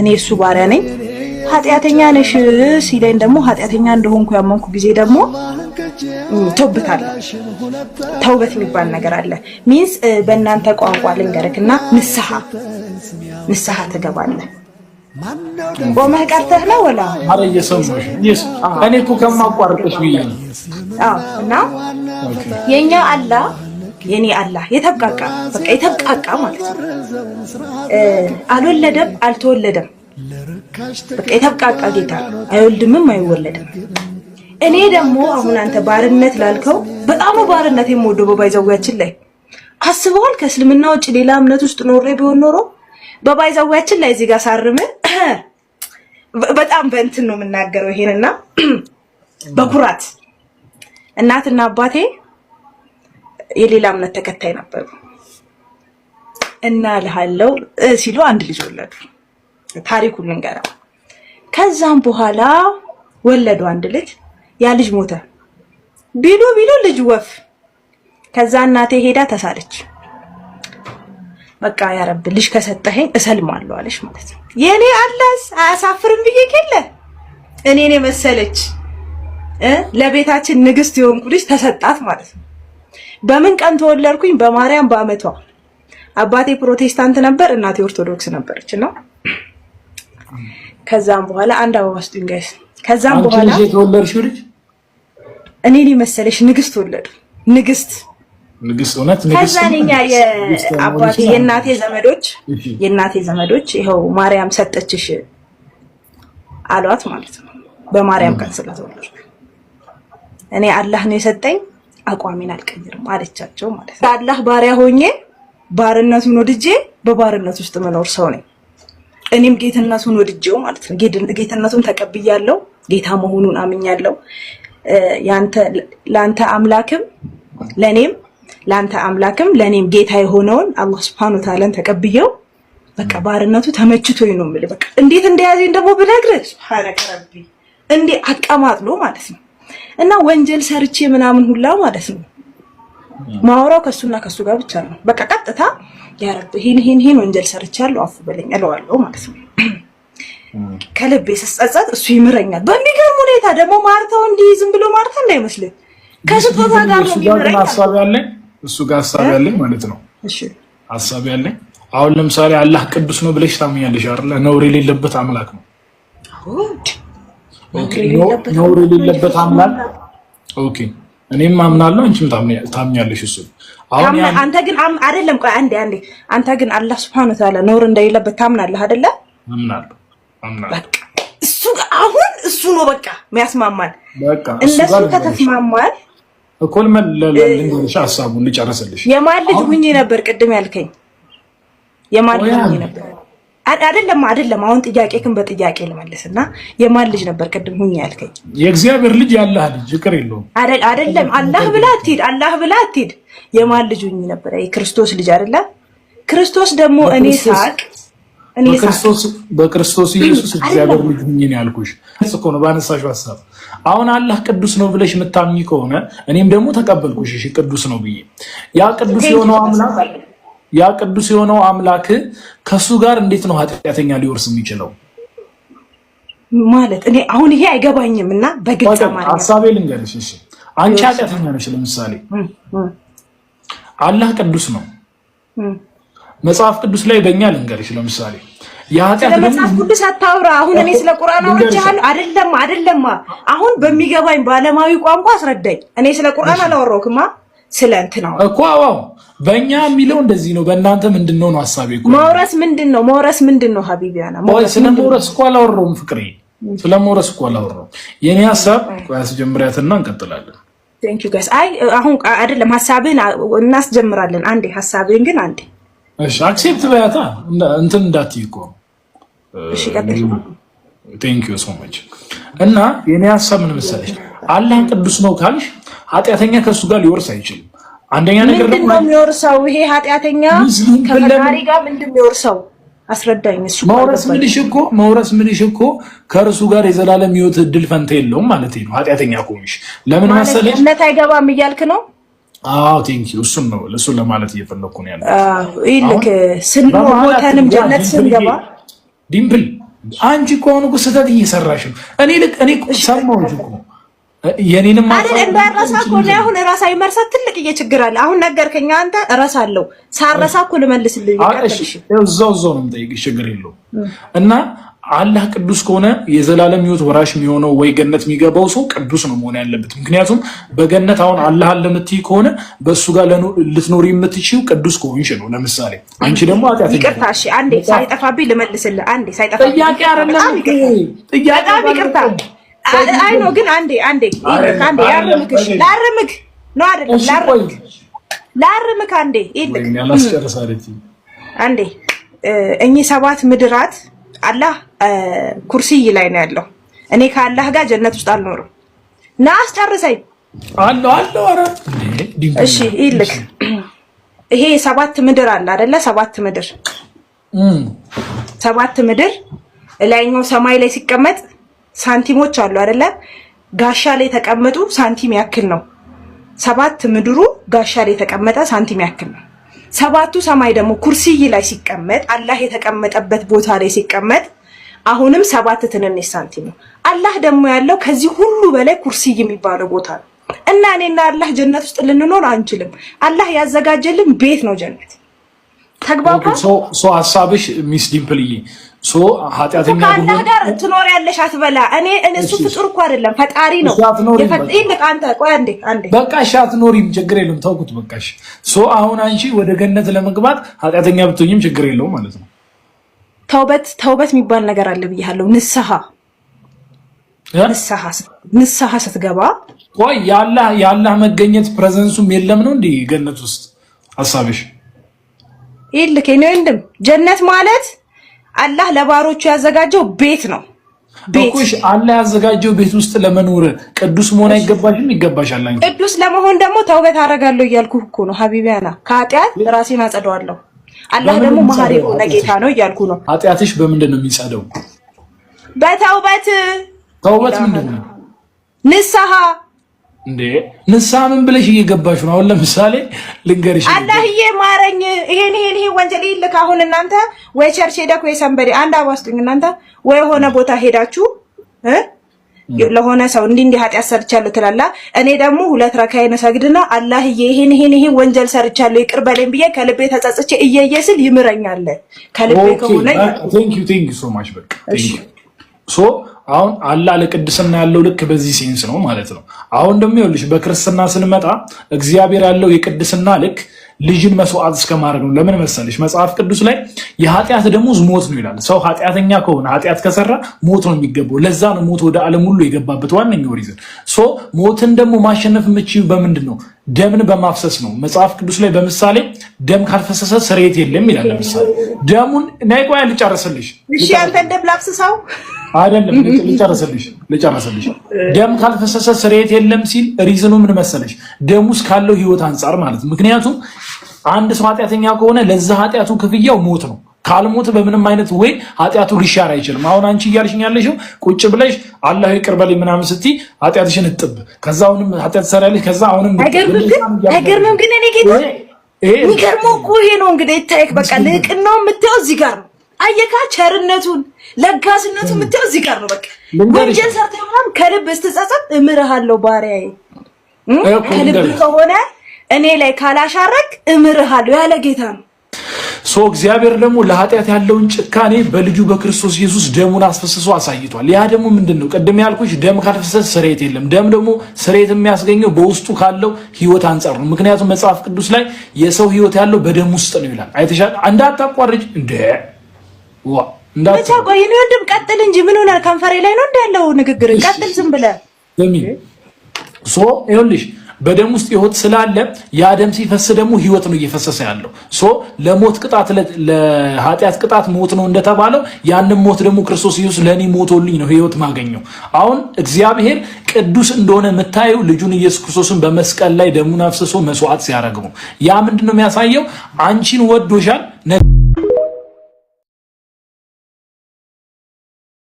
እኔ እሱ ባሪያ ነኝ። ኃጢአተኛ ነሽ ሲለኝ ደግሞ ኃጢአተኛ እንደሆንኩ ያመንኩ ጊዜ ደግሞ ተውበታል። ተውበት የሚባል ነገር አለ። ሚንስ በእናንተ ቋንቋ ልንገርክ እና ንስሐ ንስሐ ትገባለህ። ቆመህ ቀርተህ ነው ወላ አረ እየሰማሽ እኔ እኮ ከማቋርጥሽ ብዬ ነው እና የእኛ አላ የኔ አላህ የተብቃቃ በቃ የተብቃቃ ማለት ነው። አልወለደም አልተወለደም፣ በቃ የተብቃቃ ጌታ አይወልድምም አይወለድም። እኔ ደግሞ አሁን አንተ ባርነት ላልከው በጣም ባርነት የምወደው በባይዛዊያችን ላይ አስበዋል። ከእስልምና ውጭ ሌላ እምነት ውስጥ ኖሬ ቢሆን ኖሮ በባይዛዊያችን ላይ እዚህ ጋር ሳርም በጣም በእንትን ነው የምናገረው ይሄንና በኩራት እናትና አባቴ የሌላ እምነት ተከታይ ነበሩ እና ልሃለው ሲሉ አንድ ልጅ ወለዱ። ታሪኩን ልንገራ። ከዛም በኋላ ወለዱ አንድ ልጅ። ያ ልጅ ሞተ። ቢሉ ቢሉ ልጅ ወፍ። ከዛ እናቴ ሄዳ ተሳለች። በቃ ያረብ ልጅ ከሰጠኸኝ እሰልማለሁ አለች ማለት ነው። የኔ አላስ አያሳፍርም ብዬ ከለ እኔን የመሰለች ለቤታችን ንግስት የሆንኩ ልጅ ተሰጣት ማለት ነው። በምን ቀን ተወለድኩኝ? በማርያም በአመቷ። አባቴ ፕሮቴስታንት ነበር፣ እናቴ ኦርቶዶክስ ነበረች እና ከዛም በኋላ አንድ አበባ ስጡኝ ጋይስ። ከዛም በኋላ እኔ እኔ መሰለሽ ንግስት ወለዱ። ንግስት ንግስት እውነት ንግስት። ከዛ የአባቴ የእናቴ ዘመዶች የእናቴ ዘመዶች ይኸው ማርያም ሰጠችሽ አሏት ማለት ነው። በማርያም ቀን ስለተወለድኩ እኔ አላህ ነው የሰጠኝ አቋሜን አልቀይርም አለቻቸው ማለት ነው። አላህ ባሪያ ሆኜ ባርነቱን ወድጄ በባርነት ውስጥ መኖር ሰው ነኝ። እኔም ጌትነቱን ወድጄው ማለት ነው። ጌትነቱን ተቀብያለሁ። ጌታ መሆኑን አምኛለሁ። ለአንተ አምላክም ለእኔም ለአንተ አምላክም ለእኔም ጌታ የሆነውን አላህ ሱብሃነሁ ወተዓላን ተቀብየው በቃ ባርነቱ ተመችቶኝ ነው የምልህ። በቃ እንዴት እንደያዘኝ ደግሞ ብነግርህ ሱብሃነከ ረቢ እንዴ አቀማጥሎ ማለት ነው እና ወንጀል ሰርቼ ምናምን ሁላ ማለት ነው ማውራው ከሱና ከሱ ጋር ብቻ ነው። በቃ ቀጥታ ያረብ ይሄን ይሄን ይሄን ወንጀል ሰርቻለሁ አፉ በለኝ እለዋለሁ ማለት ነው። ከልቤ ስጸጸት እሱ ይምረኛል። በሚገርም ሁኔታ ደግሞ ማርታው እንዲህ ዝም ብሎ ማርታ እንዳይመስልኝ ከስጦታ ጋር ነው የሚምረኝ። ሀሳብ ያለኝ እሱ ጋር ሀሳብ ያለኝ ማለት ነው። እሺ ሀሳብ ያለኝ አሁን ለምሳሌ አላህ ቅዱስ ነው ብለሽ ታምኛለሽ አይደል? ነውር የሌለበት አምላክ ነው። ነውር የሌለበት አምናል። ኦኬ እኔም አምናለሁ፣ አንቺም ታምኛለሽ። እሱ አንተ ግን አይደለም። ቆይ አንዴ አንዴ፣ አንተ ግን አላህ ስብሐነ ወተዓላ ነውር እንደሌለበት ታምናለህ አይደለ? አምናለሁ፣ አምናለሁ። እሱ አሁን እሱ ነው በቃ የሚያስማማን። እነሱ ከተስማማል እኮል መለለልሽ ሀሳቡን ልጨረስልሽ። የማን ልጅ ሁኚ ነበር ቅድም ያልከኝ? የማን ልጅ ሁኜ ነበር? አይደለም አይደለም። አሁን ጥያቄ ግን በጥያቄ ልመልስ እና የማን ልጅ ነበር ቅድም ሁኝ ያልከኝ? የእግዚአብሔር ልጅ ያላህ ልጅ ቅር የለውም። አይደለም አላህ ብላ አትሂድ፣ አላህ ብላ አትሂድ። የማን ልጅ ሁኝ ነበረ? የክርስቶስ ልጅ አይደለ? ክርስቶስ ደግሞ እኔ ሳቅ በክርስቶስ ኢየሱስ እግዚአብሔር ልጅ ሁኝ ነው ያልኩሽ እኮ ነው ባነሳሽ ሀሳብ። አሁን አላህ ቅዱስ ነው ብለሽ የምታምኚ ከሆነ እኔም ደግሞ ተቀበልኩሽ፣ ቅዱስ ነው ብዬ ያ ቅዱስ የሆነው አምላክ ያ ቅዱስ የሆነው አምላክ ከሱ ጋር እንዴት ነው ኃጢአተኛ ሊወርስ የሚችለው? ማለት እኔ አሁን ይሄ አይገባኝም እና በግልጽ ማለት ሐሳቤ ልንገርሽ። እሺ አንቺ ኃጢአተኛ ነሽ። ለምሳሌ አላህ ቅዱስ ነው። መጽሐፍ ቅዱስ ላይ በእኛ ልንገርሽ፣ ለምሳሌ ስለመጽሐፍ ቅዱስ አታውራ። አሁን እኔ ስለ ቁርአን አውርቻለሁ። አይደለም አይደለም፣ አሁን በሚገባኝ በዓለማዊ ቋንቋ አስረዳኝ። እኔ ስለ ቁርአን አላወራሁክማ ስለ እንትን አወራሁ እኮ በእኛ የሚለው እንደዚህ ነው። በእናንተ ምንድን ነው ነው ሀሳቤ። መውረስ ምንድን ነው? መውረስ ምንድን ነው? ሀቢቢያና ስለ መውረስ እኮ አላወራሁም ፍቅሬ፣ ስለ መውረስ እኮ አላወራሁም። የኔ ሀሳብ አስጀምሪያትና እንቀጥላለን። አይ አሁን አይደለም ሀሳብህን እናስጀምራለን። አንዴ ሀሳብህን ግን አንዴ እሺ፣ አክሴፕት በያታ እንትን እንዳትዪ እኮ ቴንኪዩ ሶ ማች እና የኔ ሀሳብ ምን መሰለሽ፣ አላህ ቅዱስ ነው ካልሽ ኃጢአተኛ ከእሱ ጋር ሊወርስ አይችልም። አንደኛ ነገር ደግሞ ነው የሚወርሰው? ይሄ ኃጢአተኛ ከፈጣሪ ጋር ምንድን ነው የሚወርሰው? አስረዳኝ። እሱ መውረስ ምንሽ እኮ መውረስ ምንሽ እኮ ከእርሱ ጋር የዘላለም ሕይወት እድል ፈንታ የለውም ማለት ነው። ኃጢአተኛ ከሆንሽ ለምን መሰለሽ እምነት አይገባም እያልክ ነው? አዎ ቴንክ ዩ። እሱን ነው እሱን ለማለት እየፈለኩ ነው ያለው። ይልክ ስንሞተንም ጀነት ስንገባ ዲምፕል አንቺ እኮ አሁን እኮ ስህተት እየሰራሽ ነው። እኔ ልክ እኔ ሰማሁሽ እኮ የኔንም አይደል እንዳረሳ እኮ ነው። አሁን ራሳ ይመርሳት ትልቅ ችግር አለ። አሁን ነገርከኝ አንተ እረሳለሁ። ሳረሳ እኮ ልመልስልኝ ይቀርሽ እዛው እዛው ነው የምጠይቅሽ። ችግር የለውም እና አላህ ቅዱስ ከሆነ የዘላለም ህይወት ወራሽ የሚሆነው ወይ ገነት የሚገባው ሰው ቅዱስ ነው መሆን ያለበት። ምክንያቱም በገነት አሁን አላህ አለ የምትይ ከሆነ በእሱ ጋር ልትኖሪ የምትችው ቅዱስ ከሆንሽ ነው። ለምሳሌ አንቺ ደግሞ አጥያት ይቅርታ። እሺ አንዴ ሳይጠፋብኝ ልመልስልህ። አንዴ ሳይጠፋብኝ ጥያቄ አይደለም ጥያቄ ይቅርታ አይ ነው ግን አንዴ አንዴ አንዴ ላርምክ ላርምክ ነው አይደለም ላርምክ ላርምክ አንዴ ይልቅ አንዴ እኚህ ሰባት ምድራት አላህ ኩርሲይ ላይ ነው ያለው። እኔ ከአላህ ጋር ጀነት ውስጥ አልኖርም። ና አስጨርሰኝ አለው አለው። ኧረ እሺ ይልቅ ይሄ ሰባት ምድር አለ አይደለ? ሰባት ምድር ሰባት ምድር ላይኛው ሰማይ ላይ ሲቀመጥ ሳንቲሞች አሉ አይደለ? ጋሻ ላይ የተቀመጡ ሳንቲም ያክል ነው። ሰባት ምድሩ ጋሻ ላይ የተቀመጠ ሳንቲም ያክል ነው። ሰባቱ ሰማይ ደግሞ ኩርሲይ ላይ ሲቀመጥ አላህ የተቀመጠበት ቦታ ላይ ሲቀመጥ አሁንም ሰባት ትንንሽ ሳንቲም ነው። አላህ ደግሞ ያለው ከዚህ ሁሉ በላይ ኩርሲይ የሚባለው ቦታ ነው እና እኔና አላህ ጀነት ውስጥ ልንኖር አንችልም። አላህ ያዘጋጀልን ቤት ነው ጀነት። ተግባባ ሰው ሀሳብሽ ሚስ ዲምፕልዬ ሶ ከአላህ ጋር ያለሽ አትበላ። እኔ እሱ ፍጡር እኮ አይደለም ፈጣሪ ነው። በቃ እሺ አትኖሪም፣ ችግር የለውም ተውኩት። በቃ እሺ። አሁን አንቺ ወደ ገነት ለመግባት ኃጢአተኛ ብትሆኝም ችግር የለውም ማለት ነው። ተውበት ተውበት የሚባል ነገር አለ ብያለሁ። ንስሐ ንስሐ ስትገባ ቆይ ወይ የአላህ መገኘት ፕሬዘንሱም የለም ነው እንዴ ገነት ውስጥ ሀሳብሽ ይልክ ወንድም ጀነት ማለት አላህ ለባሮቹ ያዘጋጀው ቤት ነው። ቤትሽ አላህ ያዘጋጀው ቤት ውስጥ ለመኖር ቅዱስ መሆን አይገባሽም? ይገባሻል። ቅዱስ ለመሆን ደግሞ ተውበት አደርጋለሁ እያልኩ እኮ ነው ሀቢቢያና ከኃጢአት ራሴን አጸደዋለሁ። አላህ ደግሞ መሐሪ የሆነ ጌታ ነው እያልኩ ነው። ኃጢአትሽ በምንድን ነው የሚጸደው? በተውበት። ተውበት ምንድን ነው? ንስሐ እንዴ ንሳ ምን ብለሽ እየገባሽ ነው? አሁን ለምሳሌ ልንገርሽ፣ አላህዬ ማረኝ፣ ይሄን ይሄን ይሄ ወንጀል ይልክ። አሁን እናንተ ወይ ቸርች ሄደክ ወይ ሰንበዴ አንድ አባስጡኝ። እናንተ ወይ የሆነ ቦታ ሄዳችሁ ለሆነ ሰው እንዲህ እንዲህ ኃጢአት ሰርቻለሁ ትላላ። እኔ ደግሞ ሁለት ረካዬን እሰግድና አላህዬ ይሄን ይሄን ይሄን ወንጀል ሰርቻለሁ ይቅር በለኝ ብዬ ከልቤ ተጸጽቼ እየየ ስል ይምረኛል። ከልቤ ከሆነ ቴንክ ዩ ቴንክ ዩ ሶ ማች በቃ ሶ አሁን አላ ለቅድስና ያለው ልክ በዚህ ሴንስ ነው ማለት ነው። አሁን ደግሞ ይኸውልሽ በክርስትና ስንመጣ እግዚአብሔር ያለው የቅድስና ልክ ልጅን መስዋዕት እስከማድረግ ነው። ለምን መሰለሽ መጽሐፍ ቅዱስ ላይ የኃጢአት ደሞዝ ሞት ነው ይላል። ሰው ኃጢአተኛ ከሆነ ኃጢአት ከሰራ ሞት ነው የሚገባው። ለዛ ነው ሞት ወደ ዓለም ሁሉ የገባበት ዋነኛው ሪዝን። ሶ ሞትን ደግሞ ማሸነፍ የምችል በምንድን ነው? ደምን በማፍሰስ ነው። መጽሐፍ ቅዱስ ላይ በምሳሌ ደም ካልፈሰሰ ስርየት የለም ይላል። ለምሳሌ ደሙን ነይ ቆይ ልጨርስልሽ። እሺ አንተ ደም ላፍስሰው አይደለም ልጨርስልሽ ልጨርስልሽ። ደም ካልፈሰሰ ስርየት የለም ሲል ሪዝኑ ምን መሰለሽ? ደም ውስጥ ካለው ህይወት አንጻር ማለት ምክንያቱም አንድ ሰው ኃጢአተኛ ከሆነ ለዛ ኃጢአቱ ክፍያው ሞት ነው። ካልሞት በምንም አይነት ወይ ኃጢአቱ ሊሻር አይችልም። አሁን አንቺ እያልሽኝ ያለሽው ቁጭ ብለሽ አላህ ይቅር በለኝ ምናምን ስትይ ኃጢአትሽን እጥብ፣ ከዛ አሁንም ኃጢአት ትሰሪያለሽ፣ ከዛ አሁንም አይገርምም? ግን እኔ ጌ የሚገርመው እኮ ይሄ ነው እንግዲህ ይታየክ፣ በቃ ልቅናው ነው የምታየው እዚህ ጋር ነው አየካ፣ ቸርነቱን ለጋስነቱ የምታየው እዚህ ጋር ነው። በቃ ወንጀል ሰርተ ምናምን ከልብ ስትጸጸት እምርሃለሁ ባሪያዬ ከልብ ከሆነ እኔ ላይ ካላሻረክ እምርሃለሁ ያለ ጌታ ነው ሶ እግዚአብሔር ደግሞ ለኃጢአት ያለውን ጭካኔ በልጁ በክርስቶስ ኢየሱስ ደሙን አስፈስሶ አሳይቷል። ያ ደግሞ ምንድን ነው? ቅድም ያልኩሽ ደም ካልፈሰሰ ስርየት የለም። ደም ደግሞ ስርየት የሚያስገኘው በውስጡ ካለው ህይወት አንጻር ነው። ምክንያቱም መጽሐፍ ቅዱስ ላይ የሰው ህይወት ያለው በደም ውስጥ ነው ይላል። አይተሻል። እንዳታቋርጭ እንደ ዋ እንዳታቋርጭ ነው። ወንድም ቀጥል እንጂ ምን ሆናል? ከንፈሬ ላይ ነው እንደ ያለው ንግግር። ቀጥል ዝም ብለህ ሶ ይኸውልሽ በደም ውስጥ ህይወት ስላለ ያ ደም ሲፈስ ደግሞ ህይወት ነው እየፈሰሰ ያለው። ሶ ለሞት ቅጣት ለኃጢአት ቅጣት ሞት ነው እንደተባለው ያንም ሞት ደግሞ ክርስቶስ ኢየሱስ ለእኔ ሞቶልኝ ነው ህይወት ማገኘው። አሁን እግዚአብሔር ቅዱስ እንደሆነ የምታየው ልጁን ኢየሱስ ክርስቶስን በመስቀል ላይ ደሙን አፍስሶ መስዋዕት ሲያደርግ ነው። ያ ምንድነው የሚያሳየው? አንቺን ወዶሻል